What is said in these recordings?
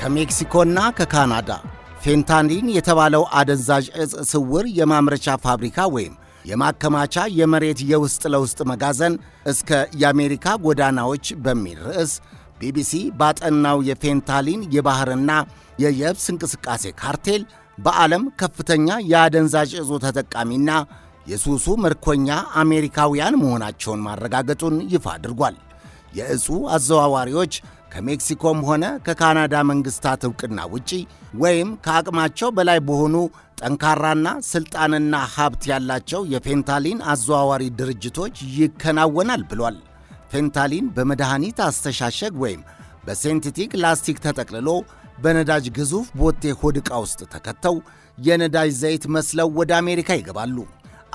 ከሜክሲኮና ከካናዳ ፌንታኒን የተባለው አደንዛዥ እጽ ስውር የማምረቻ ፋብሪካ ወይም የማከማቻ የመሬት የውስጥ ለውስጥ መጋዘን እስከ የአሜሪካ ጎዳናዎች በሚል ርዕስ ቢቢሲ ባጠናው የፌንታሊን የባሕርና የየብስ እንቅስቃሴ ካርቴል በዓለም ከፍተኛ የአደንዛዥ እጾ ተጠቃሚና የሱሱ ምርኮኛ አሜሪካውያን መሆናቸውን ማረጋገጡን ይፋ አድርጓል። የእጹ አዘዋዋሪዎች ከሜክሲኮም ሆነ ከካናዳ መንግሥታት ዕውቅና ውጪ ወይም ከአቅማቸው በላይ በሆኑ ጠንካራና ሥልጣንና ሀብት ያላቸው የፌንታሊን አዘዋዋሪ ድርጅቶች ይከናወናል ብሏል። ፌንታሊን በመድኃኒት አስተሻሸግ ወይም በሴንቴቲክ ላስቲክ ተጠቅልሎ በነዳጅ ግዙፍ ቦቴ ሆድ ዕቃ ውስጥ ተከተው የነዳጅ ዘይት መስለው ወደ አሜሪካ ይገባሉ።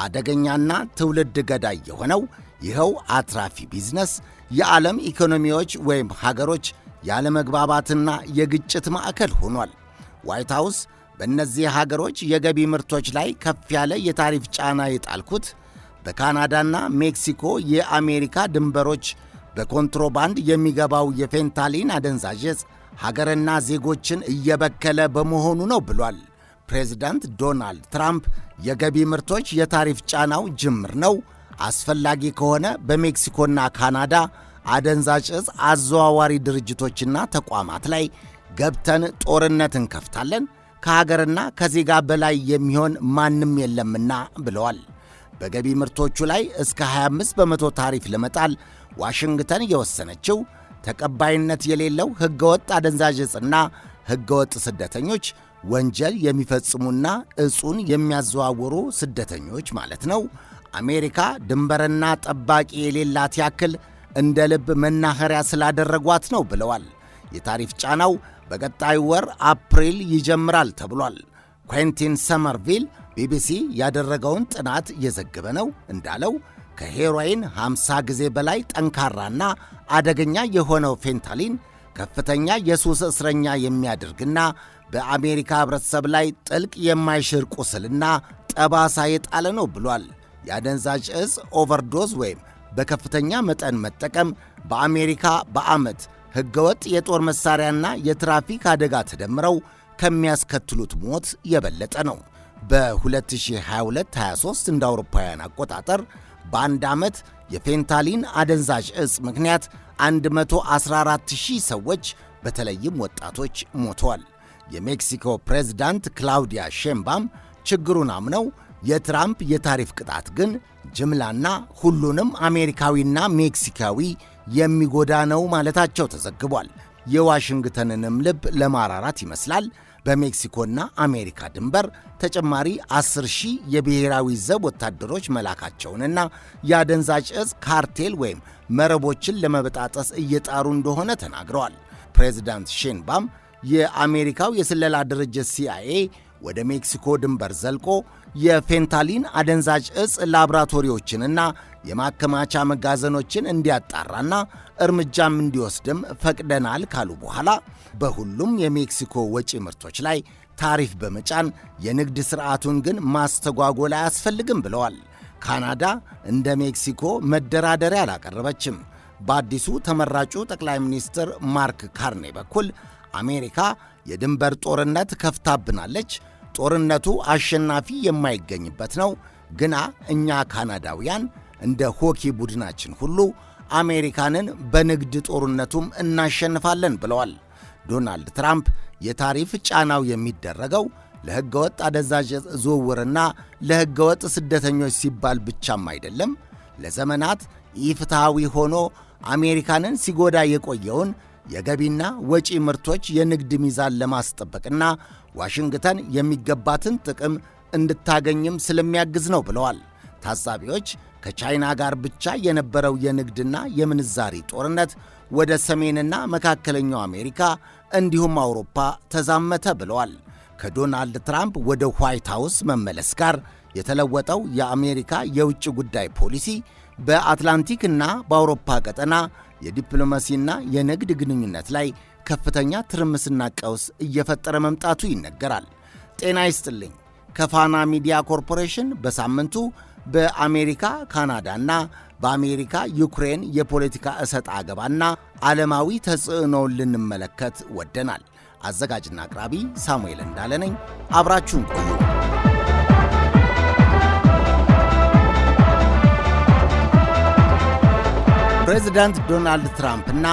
አደገኛና ትውልድ ገዳይ የሆነው ይኸው አትራፊ ቢዝነስ የዓለም ኢኮኖሚዎች ወይም ሀገሮች ያለመግባባትና የግጭት ማዕከል ሆኗል። ዋይት ሃውስ በእነዚህ ሀገሮች የገቢ ምርቶች ላይ ከፍ ያለ የታሪፍ ጫና የጣልኩት በካናዳና ሜክሲኮ የአሜሪካ ድንበሮች በኮንትሮባንድ የሚገባው የፌንታሊን አደንዛዥ ዕፅ ሀገርና ዜጎችን እየበከለ በመሆኑ ነው ብሏል። ፕሬዚዳንት ዶናልድ ትራምፕ የገቢ ምርቶች የታሪፍ ጫናው ጅምር ነው፣ አስፈላጊ ከሆነ በሜክሲኮና ካናዳ አደንዛዥ እጽ አዘዋዋሪ ድርጅቶችና ተቋማት ላይ ገብተን ጦርነት እንከፍታለን፣ ከሀገርና ከዜጋ በላይ የሚሆን ማንም የለምና ብለዋል። በገቢ ምርቶቹ ላይ እስከ 25 በመቶ ታሪፍ ለመጣል ዋሽንግተን የወሰነችው ተቀባይነት የሌለው ሕገወጥ አደንዛዥ ዕፅና ሕገወጥ ስደተኞች ወንጀል የሚፈጽሙና እጹን የሚያዘዋውሩ ስደተኞች ማለት ነው። አሜሪካ ድንበርና ጠባቂ የሌላት ያክል እንደ ልብ መናኸሪያ ስላደረጓት ነው ብለዋል። የታሪፍ ጫናው በቀጣዩ ወር አፕሪል ይጀምራል ተብሏል። ኩዌንቲን ሰመርቪል ቢቢሲ ያደረገውን ጥናት እየዘገበ ነው እንዳለው ከሄሮይን 50 ጊዜ በላይ ጠንካራና አደገኛ የሆነው ፌንታሊን ከፍተኛ የሱስ እስረኛ የሚያደርግና በአሜሪካ ኅብረተሰብ ላይ ጥልቅ የማይሽር ቁስልና ጠባሳ የጣለ ነው ብሏል። የአደንዛዥ እጽ ኦቨርዶዝ ወይም በከፍተኛ መጠን መጠቀም በአሜሪካ በዓመት ሕገወጥ የጦር መሣሪያና የትራፊክ አደጋ ተደምረው ከሚያስከትሉት ሞት የበለጠ ነው። በ2022-23 እንደ አውሮፓውያን አቆጣጠር በአንድ ዓመት የፌንታሊን አደንዛዥ እጽ ምክንያት 114000 ሰዎች በተለይም ወጣቶች ሞተዋል። የሜክሲኮ ፕሬዝዳንት ክላውዲያ ሼምባም ችግሩን አምነው የትራምፕ የታሪፍ ቅጣት ግን ጅምላና ሁሉንም አሜሪካዊና ሜክሲካዊ የሚጎዳ ነው ማለታቸው ተዘግቧል። የዋሽንግተንንም ልብ ለማራራት ይመስላል በሜክሲኮና አሜሪካ ድንበር ተጨማሪ 10 ሺህ የብሔራዊ ዘብ ወታደሮች መላካቸውንና የአደንዛዥ ዕፅ ካርቴል ወይም መረቦችን ለመበጣጠስ እየጣሩ እንደሆነ ተናግረዋል። ፕሬዚዳንት ሼንባም የአሜሪካው የስለላ ድርጅት ሲአይኤ ወደ ሜክሲኮ ድንበር ዘልቆ የፌንታሊን አደንዛዥ ዕፅ ላብራቶሪዎችንና የማከማቻ መጋዘኖችን እንዲያጣራና እርምጃም እንዲወስድም ፈቅደናል ካሉ በኋላ በሁሉም የሜክሲኮ ወጪ ምርቶች ላይ ታሪፍ በመጫን የንግድ ሥርዓቱን ግን ማስተጓጎል አያስፈልግም ብለዋል። ካናዳ እንደ ሜክሲኮ መደራደሪያ አላቀረበችም። በአዲሱ ተመራጩ ጠቅላይ ሚኒስትር ማርክ ካርኔ በኩል አሜሪካ የድንበር ጦርነት ከፍታብናለች፣ ጦርነቱ አሸናፊ የማይገኝበት ነው፣ ግና እኛ ካናዳውያን እንደ ሆኪ ቡድናችን ሁሉ አሜሪካንን በንግድ ጦርነቱም እናሸንፋለን ብለዋል። ዶናልድ ትራምፕ የታሪፍ ጫናው የሚደረገው ለሕገወጥ አደንዛዥ ዝውውርና ለሕገወጥ ስደተኞች ሲባል ብቻም አይደለም፣ ለዘመናት ኢፍትሐዊ ሆኖ አሜሪካንን ሲጎዳ የቆየውን የገቢና ወጪ ምርቶች የንግድ ሚዛን ለማስጠበቅና ዋሽንግተን የሚገባትን ጥቅም እንድታገኝም ስለሚያግዝ ነው ብለዋል ታዛቢዎች ከቻይና ጋር ብቻ የነበረው የንግድና የምንዛሪ ጦርነት ወደ ሰሜንና መካከለኛው አሜሪካ እንዲሁም አውሮፓ ተዛመተ ብለዋል። ከዶናልድ ትራምፕ ወደ ዋይት ሃውስ መመለስ ጋር የተለወጠው የአሜሪካ የውጭ ጉዳይ ፖሊሲ በአትላንቲክና በአውሮፓ ቀጠና የዲፕሎማሲና የንግድ ግንኙነት ላይ ከፍተኛ ትርምስና ቀውስ እየፈጠረ መምጣቱ ይነገራል። ጤና ይስጥልኝ። ከፋና ሚዲያ ኮርፖሬሽን በሳምንቱ በአሜሪካ ካናዳ እና በአሜሪካ ዩክሬን የፖለቲካ እሰጥ አገባና ዓለማዊ ተጽዕኖውን ልንመለከት ወደናል። አዘጋጅና አቅራቢ ሳሙኤል እንዳለ ነኝ። አብራችሁን ቆዩ። ፕሬዚዳንት ዶናልድ ትራምፕ እና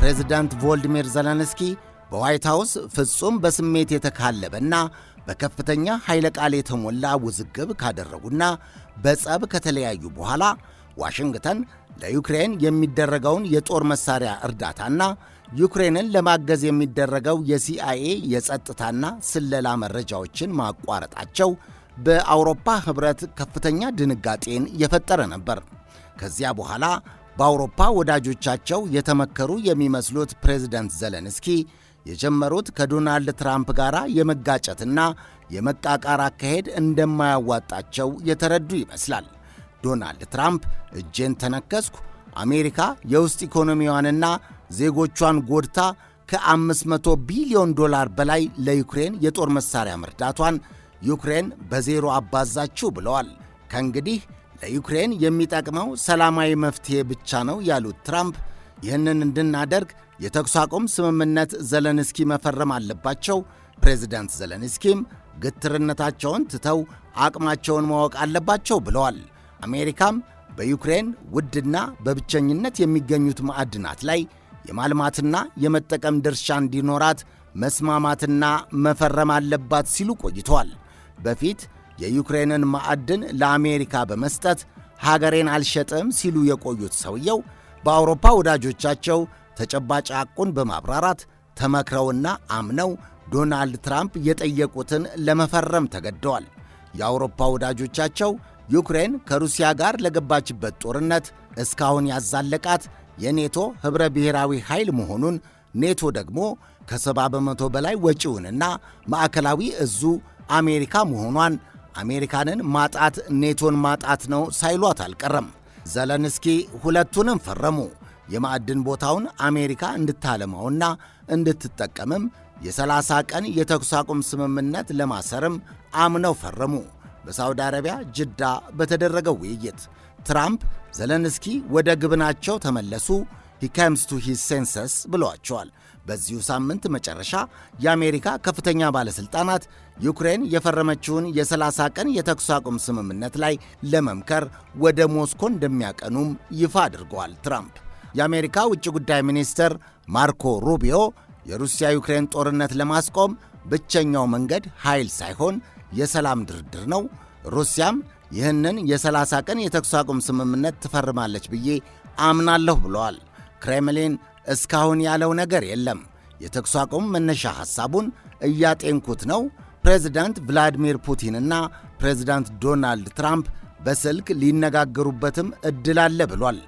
ፕሬዚዳንት ቮልዲሚር ዘለንስኪ በዋይት ሃውስ ፍጹም በስሜት የተካለበና በከፍተኛ ኃይለ ቃል የተሞላ ውዝግብ ካደረጉና በጸብ ከተለያዩ በኋላ ዋሽንግተን ለዩክሬን የሚደረገውን የጦር መሳሪያ እርዳታና ዩክሬንን ለማገዝ የሚደረገው የሲአይኤ የጸጥታና ስለላ መረጃዎችን ማቋረጣቸው በአውሮፓ ኅብረት ከፍተኛ ድንጋጤን የፈጠረ ነበር። ከዚያ በኋላ በአውሮፓ ወዳጆቻቸው የተመከሩ የሚመስሉት ፕሬዝደንት ዘለንስኪ የጀመሩት ከዶናልድ ትራምፕ ጋር የመጋጨትና የመቃቃር አካሄድ እንደማያዋጣቸው የተረዱ ይመስላል። ዶናልድ ትራምፕ እጄን ተነከስኩ፣ አሜሪካ የውስጥ ኢኮኖሚዋንና ዜጎቿን ጎድታ ከ500 ቢሊዮን ዶላር በላይ ለዩክሬን የጦር መሳሪያ መርዳቷን ዩክሬን በዜሮ አባዛችሁ ብለዋል። ከእንግዲህ ለዩክሬን የሚጠቅመው ሰላማዊ መፍትሔ ብቻ ነው ያሉት ትራምፕ ይህንን እንድናደርግ የተኩስ አቁም ስምምነት ዘለንስኪ መፈረም አለባቸው። ፕሬዚዳንት ዘለንስኪም ግትርነታቸውን ትተው አቅማቸውን ማወቅ አለባቸው ብለዋል። አሜሪካም በዩክሬን ውድና በብቸኝነት የሚገኙት ማዕድናት ላይ የማልማትና የመጠቀም ድርሻ እንዲኖራት መስማማትና መፈረም አለባት ሲሉ ቆይተዋል። በፊት የዩክሬንን ማዕድን ለአሜሪካ በመስጠት ሀገሬን አልሸጥም ሲሉ የቆዩት ሰውየው በአውሮፓ ወዳጆቻቸው ተጨባጭ አቁን በማብራራት ተመክረውና አምነው ዶናልድ ትራምፕ የጠየቁትን ለመፈረም ተገደዋል። የአውሮፓ ወዳጆቻቸው ዩክሬን ከሩሲያ ጋር ለገባችበት ጦርነት እስካሁን ያዛለቃት የኔቶ ኅብረ ብሔራዊ ኃይል መሆኑን ኔቶ ደግሞ ከሰባ በመቶ በላይ ወጪውንና ማዕከላዊ እዙ አሜሪካ መሆኗን አሜሪካንን ማጣት ኔቶን ማጣት ነው ሳይሏት አልቀረም። ዘለንስኪ ሁለቱንም ፈረሙ። የማዕድን ቦታውን አሜሪካ እንድታለማውና እንድትጠቀምም የ30 ቀን የተኩስ አቁም ስምምነት ለማሰርም አምነው ፈረሙ። በሳውዲ አረቢያ ጅዳ በተደረገው ውይይት ትራምፕ ዘለንስኪ ወደ ግብናቸው ተመለሱ ሂ ከምስ ቱ ሂዝ ሴንሰስ ብለዋቸዋል። በዚሁ ሳምንት መጨረሻ የአሜሪካ ከፍተኛ ባለሥልጣናት ዩክሬን የፈረመችውን የ30 ቀን የተኩስ አቁም ስምምነት ላይ ለመምከር ወደ ሞስኮ እንደሚያቀኑም ይፋ አድርገዋል። ትራምፕ የአሜሪካ ውጭ ጉዳይ ሚኒስትር ማርኮ ሩቢዮ የሩሲያ ዩክሬን ጦርነት ለማስቆም ብቸኛው መንገድ ኃይል ሳይሆን የሰላም ድርድር ነው። ሩሲያም ይህንን የ30 ቀን የተኩስ አቁም ስምምነት ትፈርማለች ብዬ አምናለሁ ብለዋል። ክሬምሊን እስካሁን ያለው ነገር የለም። የተኩስ አቁም መነሻ ሐሳቡን እያጤንኩት ነው። ፕሬዚዳንት ቭላዲሚር ፑቲንና ፕሬዚዳንት ዶናልድ ትራምፕ በስልክ ሊነጋገሩበትም ዕድል አለ ብሏል።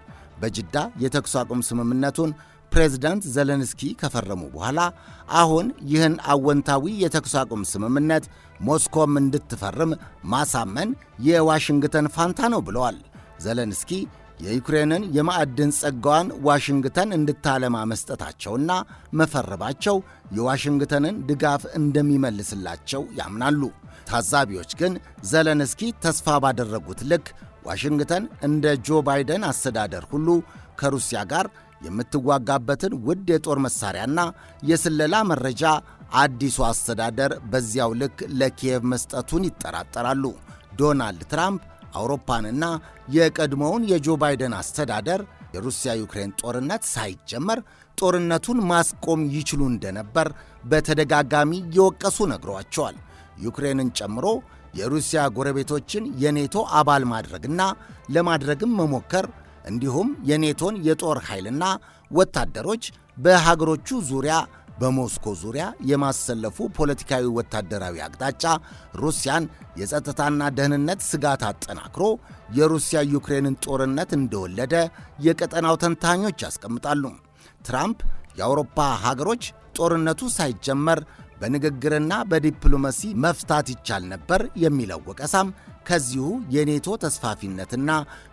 በጅዳ የተኩስ አቁም ስምምነቱን ፕሬዝዳንት ዘለንስኪ ከፈረሙ በኋላ አሁን ይህን አወንታዊ የተኩስ አቁም ስምምነት ሞስኮም እንድትፈርም ማሳመን የዋሽንግተን ፋንታ ነው ብለዋል። ዘለንስኪ የዩክሬንን የማዕድን ጸጋዋን ዋሽንግተን እንድታለማ መስጠታቸውና መፈረባቸው የዋሽንግተንን ድጋፍ እንደሚመልስላቸው ያምናሉ። ታዛቢዎች ግን ዘለንስኪ ተስፋ ባደረጉት ልክ ዋሽንግተን እንደ ጆ ባይደን አስተዳደር ሁሉ ከሩሲያ ጋር የምትዋጋበትን ውድ የጦር መሳሪያና የስለላ መረጃ አዲሱ አስተዳደር በዚያው ልክ ለኪየቭ መስጠቱን ይጠራጠራሉ። ዶናልድ ትራምፕ አውሮፓንና የቀድሞውን የጆ ባይደን አስተዳደር የሩሲያ ዩክሬን ጦርነት ሳይጀመር ጦርነቱን ማስቆም ይችሉ እንደነበር በተደጋጋሚ እየወቀሱ ነግሯቸዋል። ዩክሬንን ጨምሮ የሩሲያ ጎረቤቶችን የኔቶ አባል ማድረግና ለማድረግም መሞከር እንዲሁም የኔቶን የጦር ኃይልና ወታደሮች በሀገሮቹ ዙሪያ በሞስኮ ዙሪያ የማሰለፉ ፖለቲካዊ ወታደራዊ አቅጣጫ ሩሲያን የጸጥታና ደህንነት ስጋት አጠናክሮ የሩሲያ ዩክሬንን ጦርነት እንደወለደ የቀጠናው ተንታኞች ያስቀምጣሉ። ትራምፕ የአውሮፓ ሀገሮች ጦርነቱ ሳይጀመር በንግግርና በዲፕሎማሲ መፍታት ይቻል ነበር የሚለው ወቀሳም ከዚሁ የኔቶ ተስፋፊነትና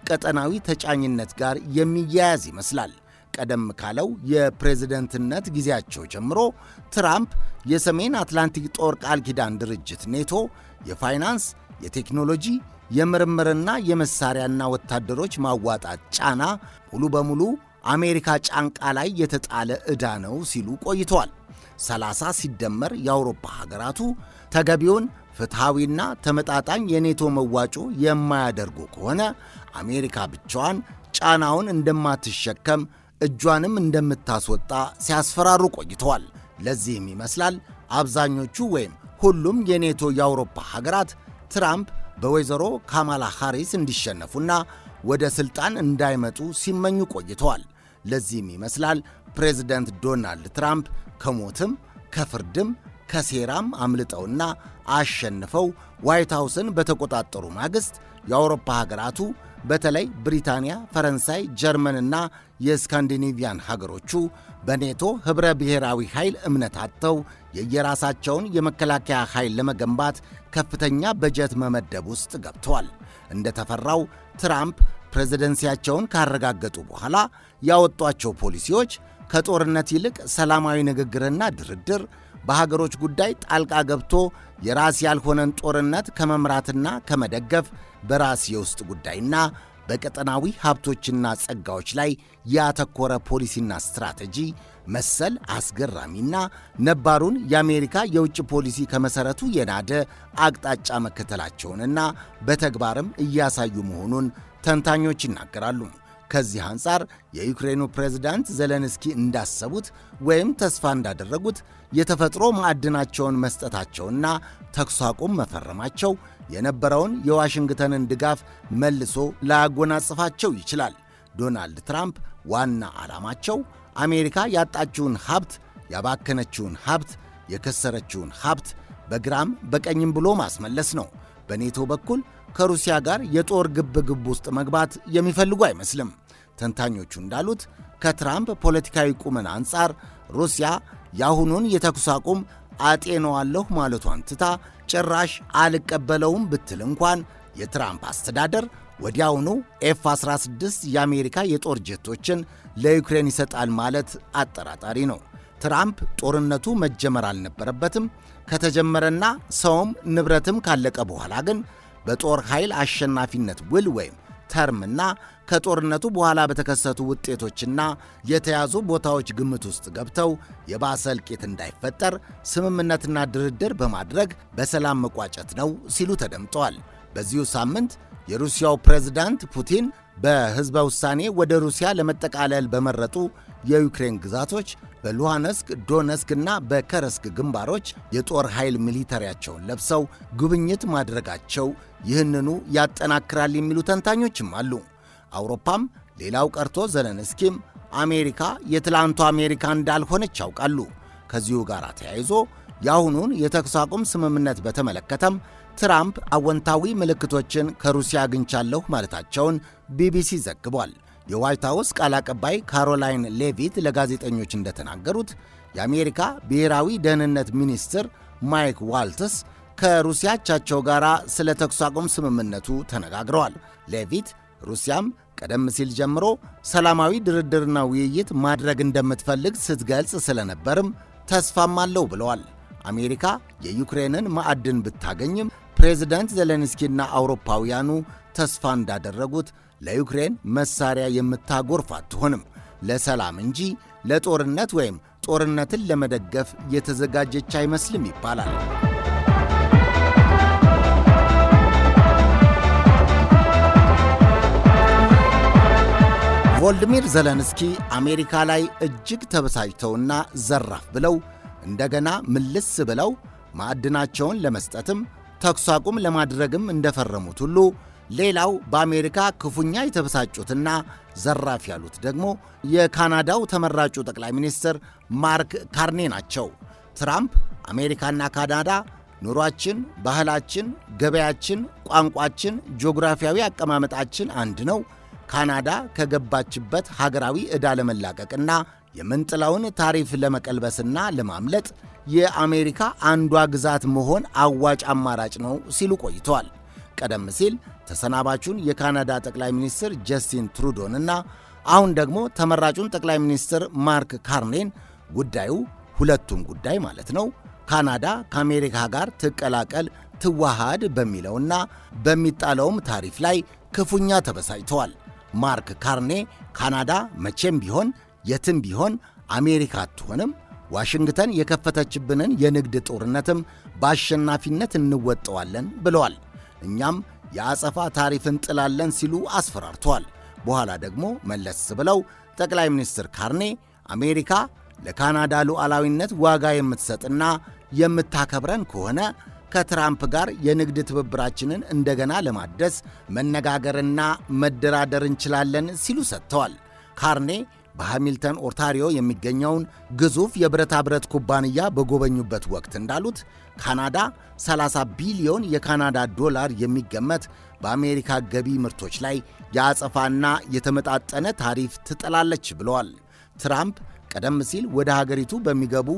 ቀጠናዊ ተጫኝነት ጋር የሚያያዝ ይመስላል። ቀደም ካለው የፕሬዝደንትነት ጊዜያቸው ጀምሮ ትራምፕ የሰሜን አትላንቲክ ጦር ቃል ኪዳን ድርጅት ኔቶ የፋይናንስ፣ የቴክኖሎጂ፣ የምርምርና የመሳሪያና ወታደሮች ማዋጣት ጫና ሙሉ በሙሉ አሜሪካ ጫንቃ ላይ የተጣለ ዕዳ ነው ሲሉ ቆይተዋል። ሰላሳ ሲደመር የአውሮፓ ሀገራቱ ተገቢውን ፍትሐዊና ተመጣጣኝ የኔቶ መዋጮ የማያደርጉ ከሆነ አሜሪካ ብቻዋን ጫናውን እንደማትሸከም እጇንም እንደምታስወጣ ሲያስፈራሩ ቆይተዋል። ለዚህም ይመስላል አብዛኞቹ ወይም ሁሉም የኔቶ የአውሮፓ ሀገራት ትራምፕ በወይዘሮ ካማላ ሃሪስ እንዲሸነፉና ወደ ሥልጣን እንዳይመጡ ሲመኙ ቆይተዋል። ለዚህም ይመስላል ፕሬዚደንት ዶናልድ ትራምፕ ከሞትም ከፍርድም ከሴራም አምልጠውና አሸንፈው ዋይት ሃውስን በተቆጣጠሩ ማግስት የአውሮፓ ሀገራቱ በተለይ ብሪታንያ፣ ፈረንሳይ፣ ጀርመንና የስካንዲኔቪያን ሀገሮቹ በኔቶ ኅብረ ብሔራዊ ኃይል እምነት አጥተው የየራሳቸውን የመከላከያ ኃይል ለመገንባት ከፍተኛ በጀት መመደብ ውስጥ ገብተዋል። እንደተፈራው ትራምፕ ፕሬዝደንሲያቸውን ካረጋገጡ በኋላ ያወጧቸው ፖሊሲዎች ከጦርነት ይልቅ ሰላማዊ ንግግርና ድርድር በሀገሮች ጉዳይ ጣልቃ ገብቶ የራስ ያልሆነን ጦርነት ከመምራትና ከመደገፍ በራስ የውስጥ ጉዳይና በቀጠናዊ ሀብቶችና ጸጋዎች ላይ ያተኮረ ፖሊሲና ስትራቴጂ መሰል አስገራሚና ነባሩን የአሜሪካ የውጭ ፖሊሲ ከመሠረቱ የናደ አቅጣጫ መከተላቸውንና በተግባርም እያሳዩ መሆኑን ተንታኞች ይናገራሉ። ከዚህ አንጻር የዩክሬኑ ፕሬዝዳንት ዘለንስኪ እንዳሰቡት ወይም ተስፋ እንዳደረጉት የተፈጥሮ ማዕድናቸውን መስጠታቸውና ተኩስ አቁም መፈረማቸው የነበረውን የዋሽንግተንን ድጋፍ መልሶ ላያጎናጽፋቸው ይችላል። ዶናልድ ትራምፕ ዋና ዓላማቸው አሜሪካ ያጣችውን ሀብት፣ ያባከነችውን ሀብት፣ የከሰረችውን ሀብት በግራም በቀኝም ብሎ ማስመለስ ነው። በኔቶ በኩል ከሩሲያ ጋር የጦር ግብግብ ውስጥ መግባት የሚፈልጉ አይመስልም። ተንታኞቹ እንዳሉት ከትራምፕ ፖለቲካዊ ቁመና አንጻር ሩሲያ የአሁኑን የተኩስ አቁም አጤነዋለሁ ማለቷን ትታ ጭራሽ አልቀበለውም ብትል እንኳን የትራምፕ አስተዳደር ወዲያውኑ ኤፍ 16 የአሜሪካ የጦር ጀቶችን ለዩክሬን ይሰጣል ማለት አጠራጣሪ ነው። ትራምፕ ጦርነቱ መጀመር አልነበረበትም ከተጀመረና ሰውም ንብረትም ካለቀ በኋላ ግን በጦር ኃይል አሸናፊነት ውል ወይም ተርምና ከጦርነቱ በኋላ በተከሰቱ ውጤቶችና የተያዙ ቦታዎች ግምት ውስጥ ገብተው የባሰ እልቂት እንዳይፈጠር ስምምነትና ድርድር በማድረግ በሰላም መቋጨት ነው ሲሉ ተደምጠዋል። በዚሁ ሳምንት የሩሲያው ፕሬዝዳንት ፑቲን በሕዝበ ውሳኔ ወደ ሩሲያ ለመጠቃለል በመረጡ የዩክሬን ግዛቶች በሉሃንስክ፣ ዶነስክ እና በከረስክ ግንባሮች የጦር ኃይል ሚሊተሪያቸውን ለብሰው ጉብኝት ማድረጋቸው ይህንኑ ያጠናክራል የሚሉ ተንታኞችም አሉ። አውሮፓም ሌላው ቀርቶ ዘለንስኪም አሜሪካ የትላንቱ አሜሪካ እንዳልሆነች ያውቃሉ። ከዚሁ ጋር ተያይዞ የአሁኑን የተኩስ አቁም ስምምነት በተመለከተም ትራምፕ አወንታዊ ምልክቶችን ከሩሲያ አግኝቻለሁ ማለታቸውን ቢቢሲ ዘግቧል። የዋይት ሃውስ ቃል አቀባይ ካሮላይን ሌቪት ለጋዜጠኞች እንደተናገሩት የአሜሪካ ብሔራዊ ደህንነት ሚኒስትር ማይክ ዋልትስ ከሩሲያ አቻቸው ጋር ስለ ተኩስ አቁም ስምምነቱ ተነጋግረዋል። ሌቪት ሩሲያም ቀደም ሲል ጀምሮ ሰላማዊ ድርድርና ውይይት ማድረግ እንደምትፈልግ ስትገልጽ ስለነበርም ተስፋም አለው ብለዋል። አሜሪካ የዩክሬንን ማዕድን ብታገኝም ፕሬዝዳንት ዜሌንስኪና አውሮፓውያኑ ተስፋ እንዳደረጉት ለዩክሬን መሳሪያ የምታጎርፍ አትሆንም። ለሰላም እንጂ ለጦርነት ወይም ጦርነትን ለመደገፍ የተዘጋጀች አይመስልም ይባላል። ቮልዲሚር ዘለንስኪ አሜሪካ ላይ እጅግ ተበሳጭተውና ዘራፍ ብለው እንደገና ምልስ ብለው ማዕድናቸውን ለመስጠትም ተኩስ አቁም ለማድረግም እንደፈረሙት ሁሉ ሌላው በአሜሪካ ክፉኛ የተበሳጩትና ዘራፍ ያሉት ደግሞ የካናዳው ተመራጩ ጠቅላይ ሚኒስትር ማርክ ካርኔ ናቸው። ትራምፕ አሜሪካና ካናዳ ኑሯችን፣ ባህላችን፣ ገበያችን፣ ቋንቋችን፣ ጂኦግራፊያዊ አቀማመጣችን አንድ ነው። ካናዳ ከገባችበት ሀገራዊ ዕዳ ለመላቀቅና የምንጥላውን ታሪፍ ለመቀልበስና ለማምለጥ የአሜሪካ አንዷ ግዛት መሆን አዋጭ አማራጭ ነው ሲሉ ቆይተዋል። ቀደም ሲል ተሰናባቹን የካናዳ ጠቅላይ ሚኒስትር ጀስቲን ትሩዶንና አሁን ደግሞ ተመራጩን ጠቅላይ ሚኒስትር ማርክ ካርኔን ጉዳዩ ሁለቱም ጉዳይ ማለት ነው ካናዳ ከአሜሪካ ጋር ትቀላቀል ትዋሃድ በሚለውና በሚጣለውም ታሪፍ ላይ ክፉኛ ተበሳጭተዋል። ማርክ ካርኔ ካናዳ መቼም ቢሆን የትም ቢሆን አሜሪካ አትሆንም። ዋሽንግተን የከፈተችብንን የንግድ ጦርነትም በአሸናፊነት እንወጠዋለን ብለዋል። እኛም የአጸፋ ታሪፍ እንጥላለን ሲሉ አስፈራርተዋል። በኋላ ደግሞ መለስ ብለው ጠቅላይ ሚኒስትር ካርኔ አሜሪካ ለካናዳ ሉዓላዊነት ዋጋ የምትሰጥና የምታከብረን ከሆነ ከትራምፕ ጋር የንግድ ትብብራችንን እንደገና ለማደስ መነጋገርና መደራደር እንችላለን ሲሉ ሰጥተዋል። ካርኔ በሃሚልተን ኦንታሪዮ የሚገኘውን ግዙፍ የብረታ ብረት ኩባንያ በጎበኙበት ወቅት እንዳሉት ካናዳ 30 ቢሊዮን የካናዳ ዶላር የሚገመት በአሜሪካ ገቢ ምርቶች ላይ የአጸፋና የተመጣጠነ ታሪፍ ትጥላለች ብለዋል። ትራምፕ ቀደም ሲል ወደ ሀገሪቱ በሚገቡ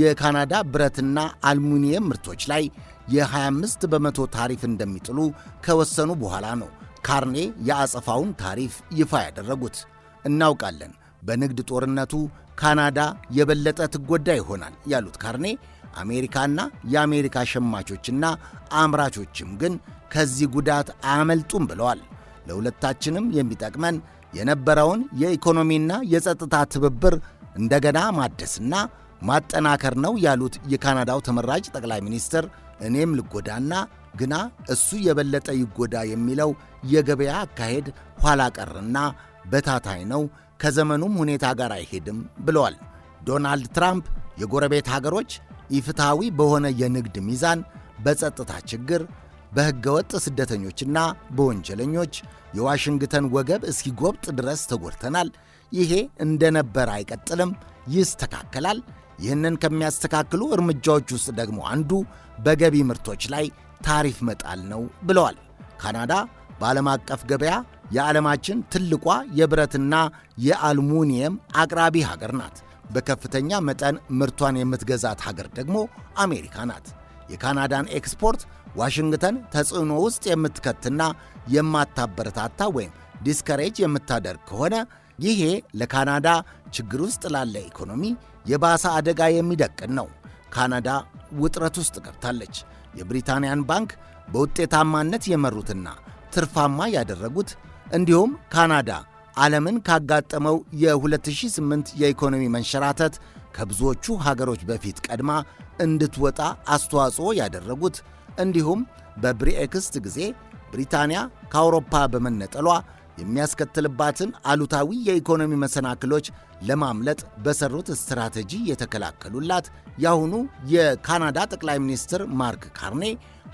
የካናዳ ብረትና አልሙኒየም ምርቶች ላይ የ25 በመቶ ታሪፍ እንደሚጥሉ ከወሰኑ በኋላ ነው ካርኔ የአጸፋውን ታሪፍ ይፋ ያደረጉት። እናውቃለን በንግድ ጦርነቱ ካናዳ የበለጠ ትጎዳ ይሆናል ያሉት ካርኔ አሜሪካና የአሜሪካ ሸማቾችና አምራቾችም ግን ከዚህ ጉዳት አያመልጡም ብለዋል። ለሁለታችንም የሚጠቅመን የነበረውን የኢኮኖሚና የጸጥታ ትብብር እንደገና ማደስና ማጠናከር ነው ያሉት የካናዳው ተመራጭ ጠቅላይ ሚኒስትር እኔም ልጎዳና ግና እሱ የበለጠ ይጎዳ የሚለው የገበያ አካሄድ ኋላ ቀርና በታታይ ነው ከዘመኑም ሁኔታ ጋር አይሄድም ብለዋል። ዶናልድ ትራምፕ የጎረቤት ሀገሮች ኢፍትሐዊ በሆነ የንግድ ሚዛን፣ በጸጥታ ችግር፣ በሕገወጥ ስደተኞችና በወንጀለኞች የዋሽንግተን ወገብ እስኪጎብጥ ድረስ ተጎድተናል። ይሄ እንደነበረ አይቀጥልም፣ ይስተካከላል። ይህንን ከሚያስተካክሉ እርምጃዎች ውስጥ ደግሞ አንዱ በገቢ ምርቶች ላይ ታሪፍ መጣል ነው ብለዋል። ካናዳ በዓለም አቀፍ ገበያ የዓለማችን ትልቋ የብረትና የአልሙኒየም አቅራቢ ሀገር ናት። በከፍተኛ መጠን ምርቷን የምትገዛት ሀገር ደግሞ አሜሪካ ናት። የካናዳን ኤክስፖርት ዋሽንግተን ተጽዕኖ ውስጥ የምትከትና የማታበረታታ ወይም ዲስከሬጅ የምታደርግ ከሆነ ይሄ ለካናዳ ችግር ውስጥ ላለ ኢኮኖሚ የባሰ አደጋ የሚደቅን ነው። ካናዳ ውጥረት ውስጥ ገብታለች። የብሪታንያን ባንክ በውጤታማነት የመሩትና ትርፋማ ያደረጉት እንዲሁም ካናዳ ዓለምን ካጋጠመው የ2008 የኢኮኖሚ መንሸራተት ከብዙዎቹ ሀገሮች በፊት ቀድማ እንድትወጣ አስተዋጽኦ ያደረጉት እንዲሁም በብሪኤክስት ጊዜ ብሪታንያ ከአውሮፓ በመነጠሏ የሚያስከትልባትን አሉታዊ የኢኮኖሚ መሰናክሎች ለማምለጥ በሰሩት ስትራቴጂ የተከላከሉላት የአሁኑ የካናዳ ጠቅላይ ሚኒስትር ማርክ ካርኔ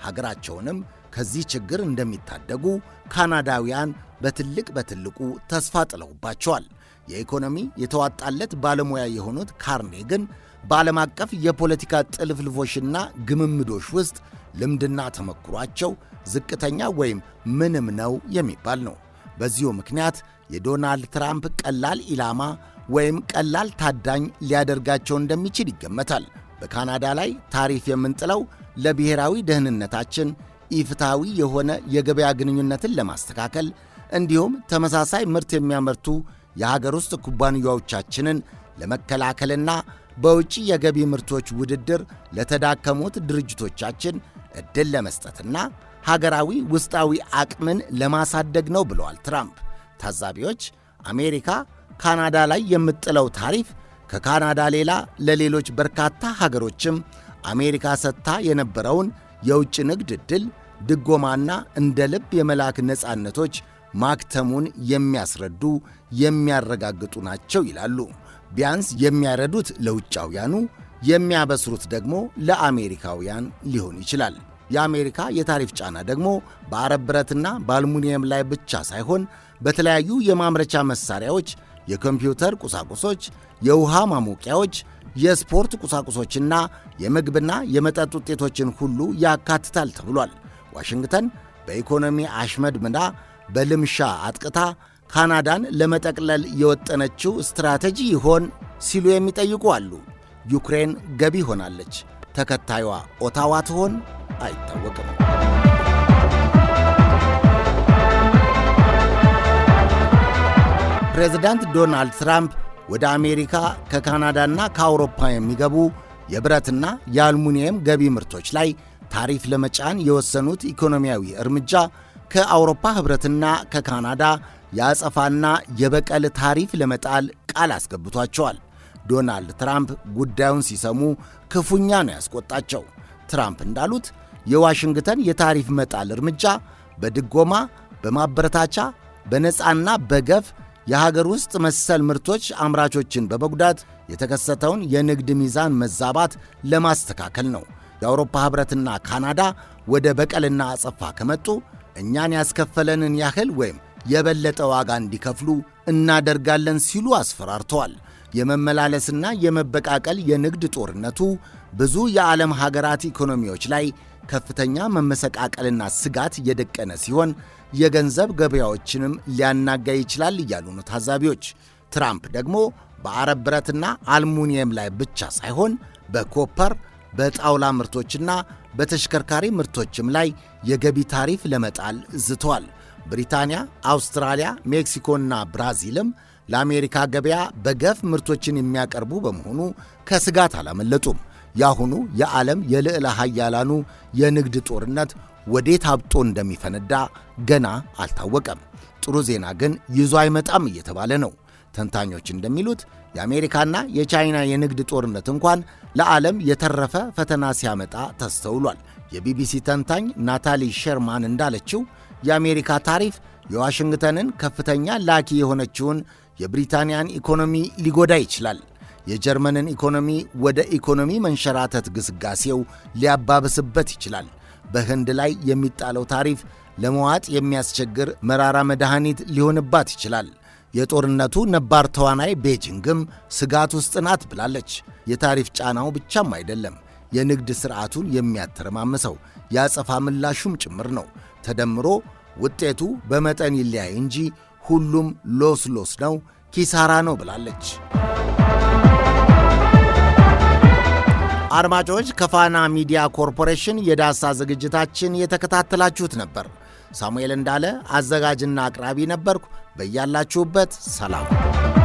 ሀገራቸውንም ከዚህ ችግር እንደሚታደጉ ካናዳውያን በትልቅ በትልቁ ተስፋ ጥለውባቸዋል። የኢኮኖሚ የተዋጣለት ባለሙያ የሆኑት ካርኔ ግን በዓለም አቀፍ የፖለቲካ ጥልፍልፎሽና ግምምዶች ውስጥ ልምድና ተመክሯቸው ዝቅተኛ ወይም ምንም ነው የሚባል ነው። በዚሁ ምክንያት የዶናልድ ትራምፕ ቀላል ኢላማ ወይም ቀላል ታዳኝ ሊያደርጋቸው እንደሚችል ይገመታል። በካናዳ ላይ ታሪፍ የምንጥለው ለብሔራዊ ደህንነታችን ኢፍታዊ የሆነ የገበያ ግንኙነትን ለማስተካከል እንዲሁም ተመሳሳይ ምርት የሚያመርቱ የሀገር ውስጥ ኩባንያዎቻችንን ለመከላከልና በውጪ የገቢ ምርቶች ውድድር ለተዳከሙት ድርጅቶቻችን ዕድል ለመስጠትና ሀገራዊ ውስጣዊ አቅምን ለማሳደግ ነው ብለዋል ትራምፕ። ታዛቢዎች አሜሪካ ካናዳ ላይ የምጥለው ታሪፍ ከካናዳ ሌላ ለሌሎች በርካታ ሀገሮችም አሜሪካ ሰጥታ የነበረውን የውጭ ንግድ ዕድል፣ ድጎማና እንደ ልብ የመላክ ነፃነቶች ማክተሙን የሚያስረዱ የሚያረጋግጡ ናቸው ይላሉ። ቢያንስ የሚያረዱት ለውጫውያኑ የሚያበስሩት ደግሞ ለአሜሪካውያን ሊሆን ይችላል። የአሜሪካ የታሪፍ ጫና ደግሞ በአረብ ብረትና በአልሙኒየም ላይ ብቻ ሳይሆን በተለያዩ የማምረቻ መሳሪያዎች የኮምፒውተር ቁሳቁሶች፣ የውሃ ማሞቂያዎች፣ የስፖርት ቁሳቁሶችና የምግብና የመጠጥ ውጤቶችን ሁሉ ያካትታል ተብሏል። ዋሽንግተን በኢኮኖሚ አሽመድምዳ በልምሻ አጥቅታ ካናዳን ለመጠቅለል የወጠነችው ስትራቴጂ ይሆን ሲሉ የሚጠይቁ አሉ። ዩክሬን ገቢ ሆናለች። ተከታዩዋ ኦታዋ ትሆን አይታወቅም። ፕሬዝዳንት ዶናልድ ትራምፕ ወደ አሜሪካ ከካናዳና ከአውሮፓ የሚገቡ የብረትና የአልሙኒየም ገቢ ምርቶች ላይ ታሪፍ ለመጫን የወሰኑት ኢኮኖሚያዊ እርምጃ ከአውሮፓ ኅብረትና ከካናዳ የአጸፋና የበቀል ታሪፍ ለመጣል ቃል አስገብቷቸዋል። ዶናልድ ትራምፕ ጉዳዩን ሲሰሙ ክፉኛ ነው ያስቆጣቸው። ትራምፕ እንዳሉት የዋሽንግተን የታሪፍ መጣል እርምጃ በድጎማ፣ በማበረታቻ፣ በነፃና በገፍ የሀገር ውስጥ መሰል ምርቶች አምራቾችን በመጉዳት የተከሰተውን የንግድ ሚዛን መዛባት ለማስተካከል ነው። የአውሮፓ ኅብረትና ካናዳ ወደ በቀልና አጸፋ ከመጡ እኛን ያስከፈለንን ያህል ወይም የበለጠ ዋጋ እንዲከፍሉ እናደርጋለን ሲሉ አስፈራርተዋል። የመመላለስና የመበቃቀል የንግድ ጦርነቱ ብዙ የዓለም ሀገራት ኢኮኖሚዎች ላይ ከፍተኛ መመሰቃቀልና ስጋት የደቀነ ሲሆን የገንዘብ ገበያዎችንም ሊያናጋ ይችላል እያሉ ነው ታዛቢዎች። ትራምፕ ደግሞ በአረብ ብረትና አልሙኒየም ላይ ብቻ ሳይሆን በኮፐር በጣውላ ምርቶችና በተሽከርካሪ ምርቶችም ላይ የገቢ ታሪፍ ለመጣል ዝተዋል። ብሪታንያ፣ አውስትራሊያ፣ ሜክሲኮና ብራዚልም ለአሜሪካ ገበያ በገፍ ምርቶችን የሚያቀርቡ በመሆኑ ከስጋት አላመለጡም። የአሁኑ የዓለም የልዕለ ሀያላኑ የንግድ ጦርነት ወዴት አብጦ እንደሚፈነዳ ገና አልታወቀም። ጥሩ ዜና ግን ይዞ አይመጣም እየተባለ ነው። ተንታኞች እንደሚሉት የአሜሪካና የቻይና የንግድ ጦርነት እንኳን ለዓለም የተረፈ ፈተና ሲያመጣ ተስተውሏል። የቢቢሲ ተንታኝ ናታሊ ሸርማን እንዳለችው የአሜሪካ ታሪፍ የዋሽንግተንን ከፍተኛ ላኪ የሆነችውን የብሪታንያን ኢኮኖሚ ሊጎዳ ይችላል። የጀርመንን ኢኮኖሚ ወደ ኢኮኖሚ መንሸራተት ግስጋሴው ሊያባብስበት ይችላል። በህንድ ላይ የሚጣለው ታሪፍ ለመዋጥ የሚያስቸግር መራራ መድኃኒት ሊሆንባት ይችላል። የጦርነቱ ነባር ተዋናይ ቤጂንግም ስጋት ውስጥ ናት ብላለች። የታሪፍ ጫናው ብቻም አይደለም የንግድ ሥርዓቱን የሚያተረማምሰው ያጸፋ ምላሹም ጭምር ነው። ተደምሮ ውጤቱ በመጠን ይለያይ እንጂ ሁሉም ሎስ ሎስ ነው፣ ኪሳራ ነው ብላለች። አድማጮች ከፋና ሚዲያ ኮርፖሬሽን የዳሳ ዝግጅታችን የተከታተላችሁት ነበር። ሳሙኤል እንዳለ አዘጋጅና አቅራቢ ነበርኩ። በያላችሁበት ሰላም